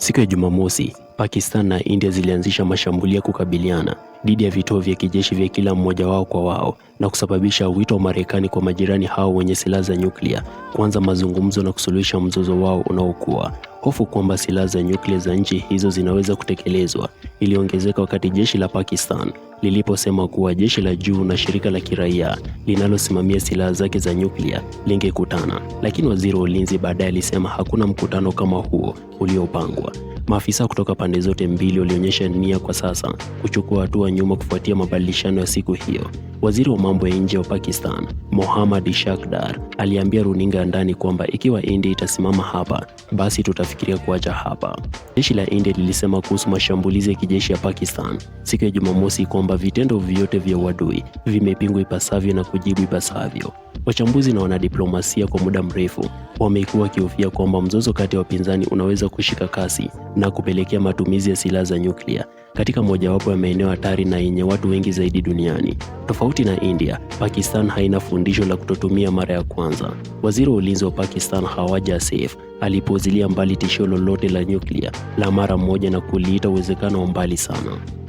Siku ya Jumamosi, Pakistan na India zilianzisha mashambulio ya kukabiliana dhidi ya vituo vya kijeshi vya kila mmoja wao kwa wao na kusababisha wito wa Marekani kwa majirani hao wenye silaha za nyuklia kuanza mazungumzo na kusuluhisha mzozo wao unaokuwa. Hofu kwamba silaha za nyuklia za nchi hizo zinaweza kutekelezwa iliongezeka wakati jeshi la Pakistan liliposema kuwa jeshi la juu na shirika la kiraia linalosimamia silaha zake za nyuklia lingekutana, lakini waziri wa ulinzi baadaye alisema hakuna mkutano kama huo uliopangwa. Maafisa kutoka pande zote mbili walionyesha nia kwa sasa kuchukua hatua nyuma kufuatia mabadilishano ya siku hiyo. Waziri wa mambo ya nje wa Pakistan, Mohammad shakdar aliambia runinga ya ndani kwamba ikiwa India itasimama hapa, basi tutafikiria kuacha hapa. Jeshi la India lilisema kuhusu mashambulizi ya kijeshi ya Pakistan siku ya Jumamosi kwamba vitendo vyote vya uadui vimepingwa ipasavyo na kujibu ipasavyo. Wachambuzi na wanadiplomasia kwa muda mrefu wamekuwa wakihofia kwamba mzozo kati ya wapinzani unaweza kushika kasi na kupelekea matumizi ya silaha za nyuklia katika mojawapo ya maeneo hatari na yenye watu wengi zaidi duniani. Tofauti na India, Pakistan haina fundisho la kutotumia mara ya kwanza. Waziri wa ulinzi wa Pakistan Khawaja Saif alipuuzilia mbali tishio lolote la nyuklia la mara moja na kuliita uwezekano wa mbali sana.